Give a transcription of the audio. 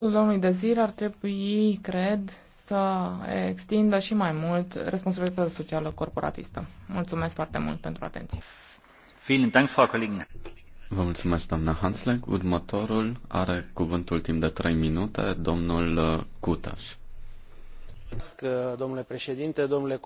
domnului Dezir ar trebui, cred, să extindă și mai mult responsabilitatea socială corporatistă. Mulțumesc foarte mult pentru atenție. Vă mulțumesc, doamna Hansleg. Următorul are cuvântul timp de 3 minute, domnul Cutaș. Uh, uh, domnule președinte, domnule